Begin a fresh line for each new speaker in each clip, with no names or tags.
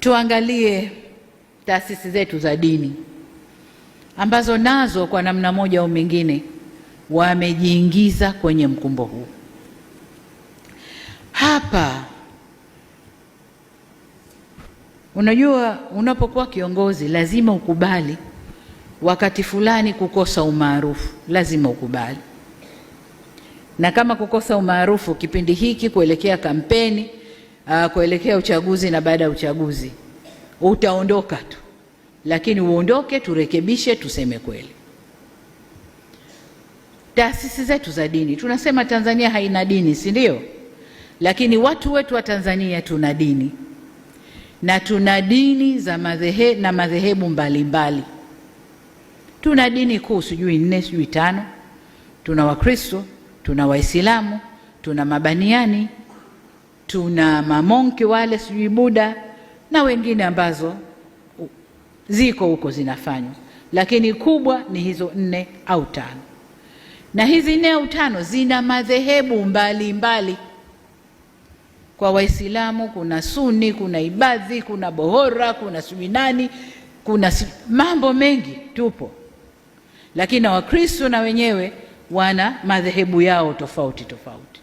Tuangalie taasisi zetu za dini ambazo nazo kwa namna moja au mingine wamejiingiza kwenye mkumbo huu. Hapa unajua, unapokuwa kiongozi lazima ukubali wakati fulani kukosa umaarufu, lazima ukubali. Na kama kukosa umaarufu kipindi hiki kuelekea kampeni uh, kuelekea uchaguzi na baada ya uchaguzi utaondoka tu, lakini uondoke, turekebishe, tuseme kweli. Taasisi zetu za dini, tunasema Tanzania haina dini, si ndio? Lakini watu wetu wa Tanzania tuna dini na tuna dini za madhehe, na madhehebu mbalimbali. Tuna dini kuu sijui nne sijui tano. Tuna Wakristo, tuna Waislamu, tuna Mabaniani tuna mamonki wale sijui Buda na wengine ambazo ziko huko zinafanywa, lakini kubwa ni hizo nne au tano, na hizi nne au tano zina madhehebu mbalimbali. Kwa Waislamu kuna Suni, kuna Ibadhi, kuna Bohora, kuna Subinani, kuna mambo mengi tupo, lakini na Wakristo na wenyewe wana madhehebu yao tofauti tofauti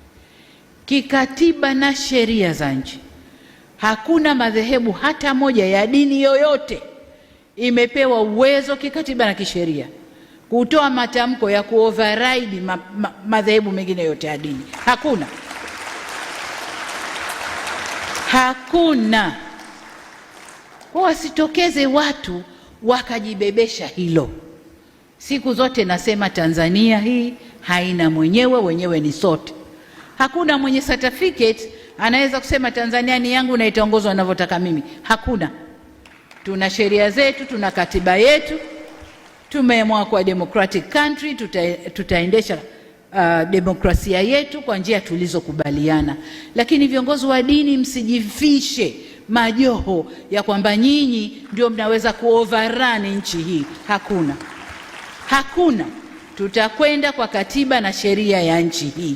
kikatiba na sheria za nchi. Hakuna madhehebu hata moja ya dini yoyote imepewa uwezo kikatiba na kisheria kutoa matamko ya kuoverride ma, ma, madhehebu mengine yote ya dini. Hakuna, hakuna. Kwa wasitokeze watu wakajibebesha hilo. Siku zote nasema Tanzania hii haina mwenyewe, wenyewe ni sote. Hakuna mwenye certificate anaweza kusema Tanzania ni yangu na itaongozwa ninavyotaka mimi. Hakuna. Tuna sheria zetu, tuna katiba yetu, tumeamua kwa democratic country, tuta, tutaendesha uh, demokrasia yetu kwa njia tulizokubaliana. Lakini viongozi wa dini, msijifishe majoho ya kwamba nyinyi ndio mnaweza kuoverrun nchi hii. Hakuna, hakuna. Tutakwenda kwa katiba na sheria ya nchi hii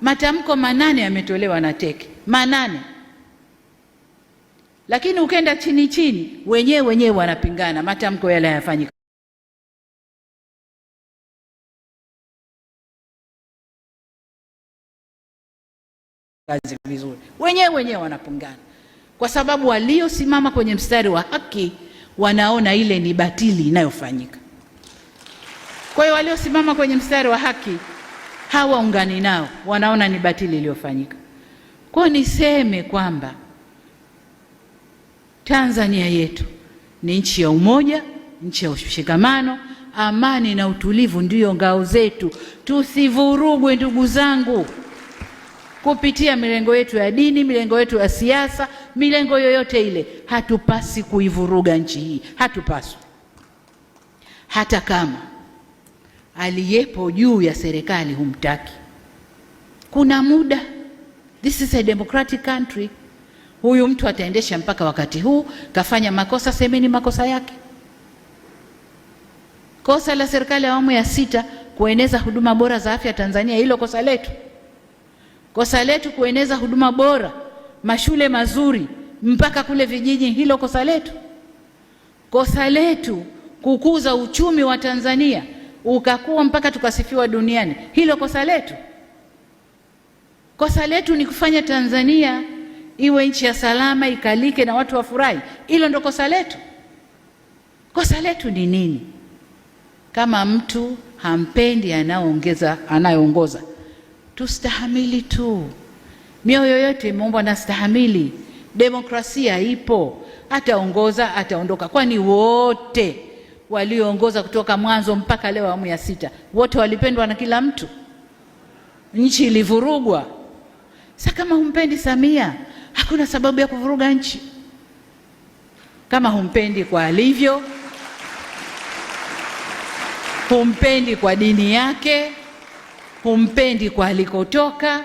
Matamko manane yametolewa na teke manane, lakini ukenda chini chini, wenyewe wenyewe wanapingana, matamko yale hayafanyika. kazi vizuri, wenyewe wenyewe wanapingana, kwa sababu waliosimama kwenye mstari wa haki wanaona ile ni batili inayofanyika. Kwa hiyo waliosimama kwenye mstari wa haki hawaungani nao, wanaona ni batili iliyofanyika. Kwa niseme kwamba Tanzania yetu ni nchi ya umoja, nchi ya ushikamano, amani na utulivu ndiyo ngao zetu. Tusivurugwe ndugu zangu, kupitia milengo yetu ya dini, milengo yetu ya siasa, milengo yoyote ile. Hatupasi kuivuruga nchi hii, hatupaswi hata kama aliyepo juu ya serikali humtaki. Kuna muda, this is a democratic country. Huyu mtu ataendesha mpaka wakati huu. Kafanya makosa, semeni makosa yake. Kosa la serikali ya awamu ya sita kueneza huduma bora za afya Tanzania, hilo kosa letu. Kosa letu kueneza huduma bora, mashule mazuri mpaka kule vijiji, hilo kosa letu. Kosa letu kukuza uchumi wa Tanzania ukakuwa mpaka tukasifiwa duniani. Hilo kosa letu? Kosa letu ni kufanya Tanzania iwe nchi ya salama, ikalike na watu wafurahi. Hilo ndo kosa letu? Kosa letu ni nini? Kama mtu hampendi anaongeza anayeongoza, tustahamili tu. Mioyo yote imeumbwa na stahamili. Demokrasia ipo, ataongoza ataondoka, kwani wote walioongoza kutoka mwanzo mpaka leo awamu ya sita, wote walipendwa na kila mtu. Nchi ilivurugwa. Sasa kama humpendi Samia, hakuna sababu ya kuvuruga nchi. Kama humpendi kwa alivyo, humpendi kwa dini yake, humpendi kwa alikotoka,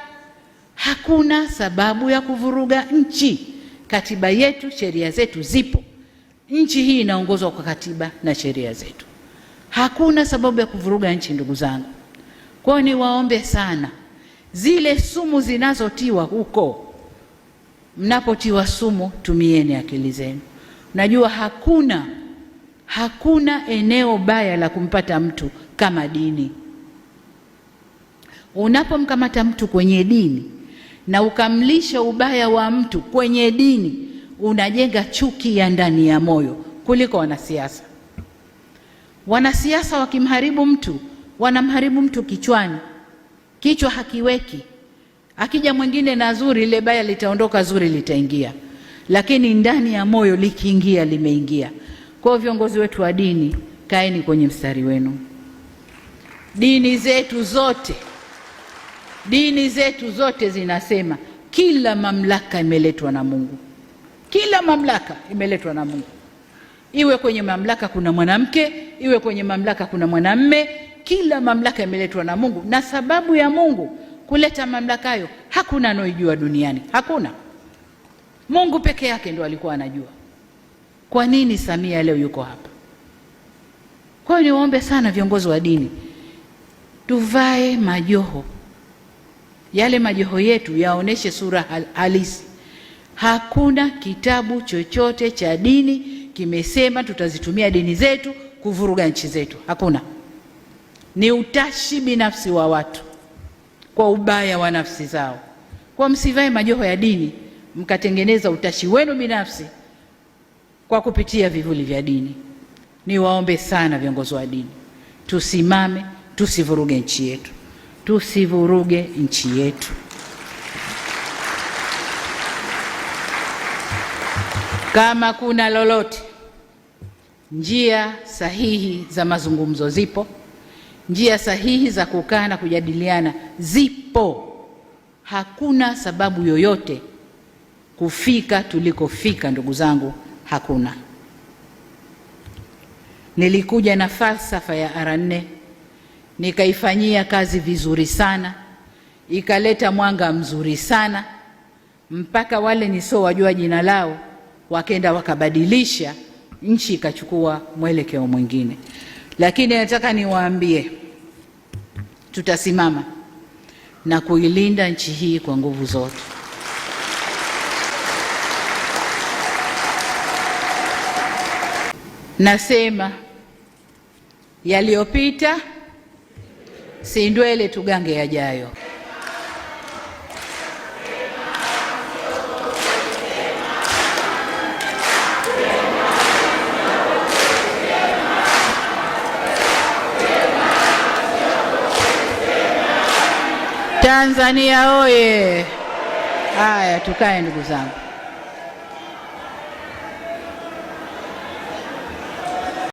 hakuna sababu ya kuvuruga nchi. Katiba yetu, sheria zetu zipo. Nchi hii inaongozwa kwa katiba na sheria zetu. Hakuna sababu ya kuvuruga nchi, ndugu zangu. Kwa hiyo niwaombe sana, zile sumu zinazotiwa huko, mnapotiwa sumu tumieni akili zenu. Najua hakuna hakuna eneo baya la kumpata mtu kama dini. Unapomkamata mtu kwenye dini na ukamlisha ubaya wa mtu kwenye dini unajenga chuki ya ndani ya moyo kuliko wanasiasa. Wanasiasa wakimharibu mtu wanamharibu mtu kichwani, kichwa hakiweki. Akija mwingine na zuri, ile baya litaondoka, zuri litaingia, lakini ndani ya moyo likiingia, limeingia. Kwa hiyo viongozi wetu wa dini, kaeni kwenye mstari wenu. Dini zetu zote, dini zetu zote zinasema kila mamlaka imeletwa na Mungu. Kila mamlaka imeletwa na Mungu, iwe kwenye mamlaka kuna mwanamke, iwe kwenye mamlaka kuna mwanamme, kila mamlaka imeletwa na Mungu, na sababu ya Mungu kuleta mamlaka hayo hakuna anaijua duniani, hakuna. Mungu peke yake ndo alikuwa anajua. Kwa nini Samia leo yuko hapa? Kwa hiyo niwaombe sana viongozi wa dini, tuvae majoho yale, majoho yetu yaoneshe sura halisi Hakuna kitabu chochote cha dini kimesema tutazitumia dini zetu kuvuruga nchi zetu. Hakuna, ni utashi binafsi wa watu kwa ubaya wa nafsi zao. Kwa msivae majoho ya dini mkatengeneza utashi wenu binafsi kwa kupitia vivuli vya dini. Niwaombe sana viongozi wa dini, tusimame, tusivuruge nchi yetu, tusivuruge nchi yetu. Kama kuna lolote, njia sahihi za mazungumzo zipo, njia sahihi za kukaa na kujadiliana zipo. Hakuna sababu yoyote kufika tulikofika, ndugu zangu, hakuna. Nilikuja na falsafa ya R4 nikaifanyia kazi vizuri sana, ikaleta mwanga mzuri sana mpaka wale nisio wajua jina lao wakenda wakabadilisha nchi ikachukua mwelekeo mwingine. Lakini nataka niwaambie, tutasimama na kuilinda nchi hii kwa nguvu zote. Nasema yaliyopita si ndwele, tugange yajayo. Tanzania oye! Haya, tukae ndugu zangu.